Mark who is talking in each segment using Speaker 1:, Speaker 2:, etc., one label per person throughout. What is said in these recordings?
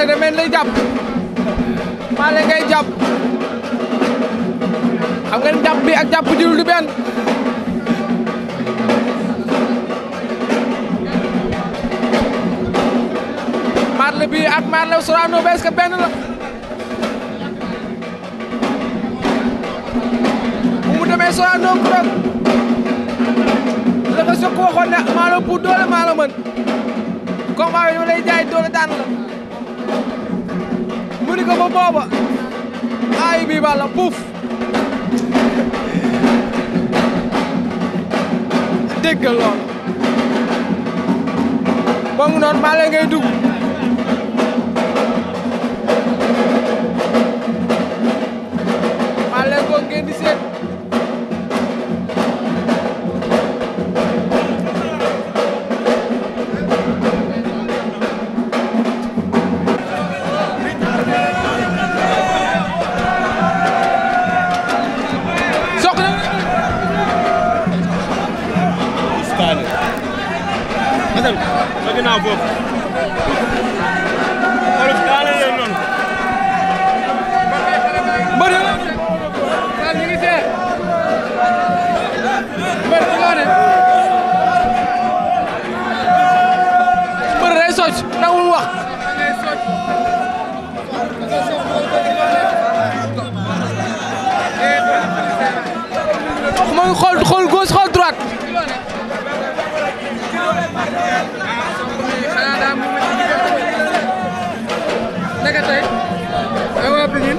Speaker 1: nag da mel lay jàpp Balla Gaye ngeen jàpp bi ak jàpp jiw du benn. marle bi ak marle Sorano bees ka benn la bu mu demee Sorano kuréel la ko sokk waxoon ne maa la ëpp doole maa la mën combat bi lay jaay doole daan la. mu ni ko ba booba ay bi balla puuf dégg lool ba mu noon ngay dugg kese bi sa ginnaaw boobu xool daale leen noonu mbër yow daal ñu ngi seet mbër ci loo ne mbër day socc nangul wax mooy xool xool gauche xool droite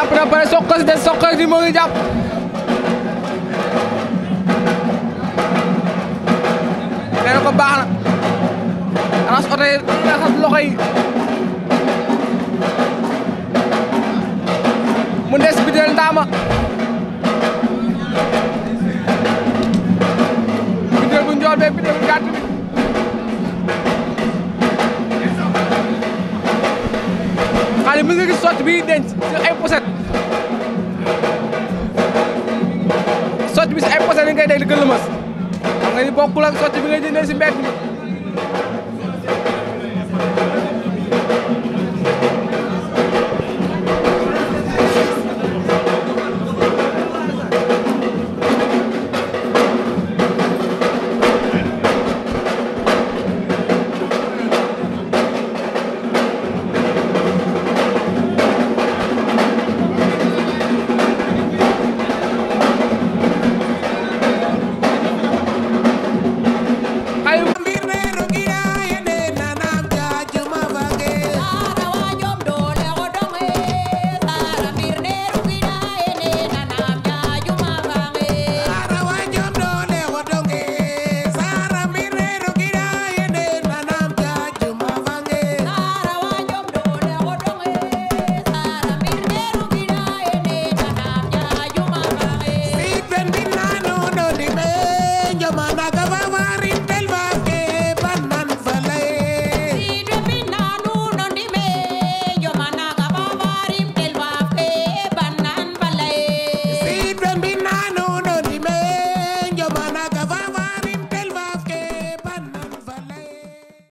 Speaker 1: jàpp na pare Sokh si des Sokh si moo ngi jàpp nee na ko baax na raxas yi mu des bi del tey mën nga gis sot bi denc si ay poset sotti bi si ay poset yi ngay denc di gën lëmas xam nga ni bokkul ak sotti bi ngay si mbedd